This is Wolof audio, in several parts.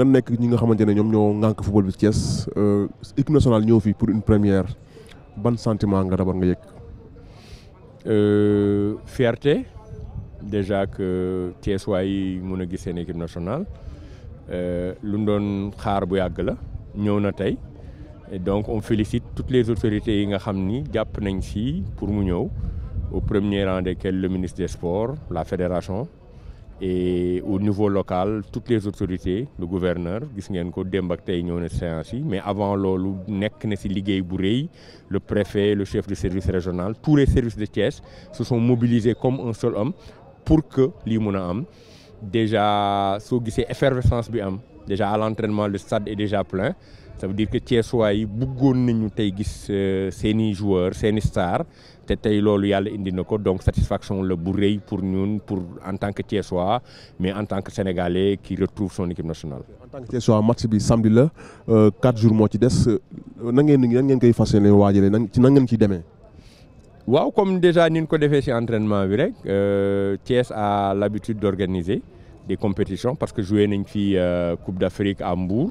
nga nekk ñi nga xamantene ñom ñoo ngank football bi Thiès euh, équipe nationale ñoo fi pour une première ban sentiment nga d'abord nga euh fierté déjà que Thiès waa yi mun a équipe nationale euh lu ndon xaar bu yag la ñew na tay et donc on félicite toutes les autorités yi nga xamni japp nañ ci pour mu ñew au premier rang desquels le ministre des sports la fédération et au niveau local toutes les autorités le gouverneur mais avant le préfet le chef de service régional tous les services de Thiès se sont mobilisés comme un seul homme pour que Limona déjà effervescence déjà à l'entraînement le stade est déjà plein ça veut dire que Thiessois yi beaucoup euh, de joueurs seen stars te tey loolu donc satisfaction le bourrée pour nous pour en tant que Thiessois mais en tant que sénégalais qui retrouve son équipe nationale. en tant que Thiessois match bi samedi 4 euh, quatre jours moitié ci des euh, na ngeen nan ngeen koy comme déjà nous avons ko defee entraînement bi a l'habitude d'organiser des compétitions parce que jouer une la Coupe d'Afrique à Hambourg.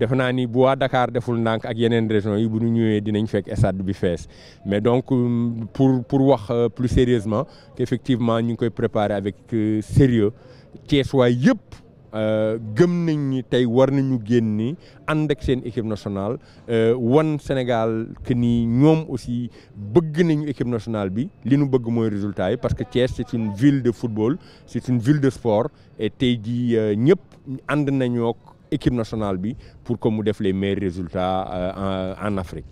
defe naa ni bois Dakar deful ndànk ak yeneen région yi bu ñu ñëwee dinañ fekk stade bi fees mais donc euh, pour pour wax euh, plus sérieusement qu'effectivement ñu ngi koy préparer avec euh, sérieux Thiès waay yëpp gëm nañ ni tey war nañu génn ni ànd ak seen équipe nationale wan Sénégal que ni ñoom aussi bëgg nañu équipe nationale bi li ñu bëgg mooy résultat yi parce que Thiès c'est une ville de football c'est une ville de sport et tey jii ñëpp ànd nañoo équipe nationale bi pour que nous les meilleurs résultats euh, en Afrique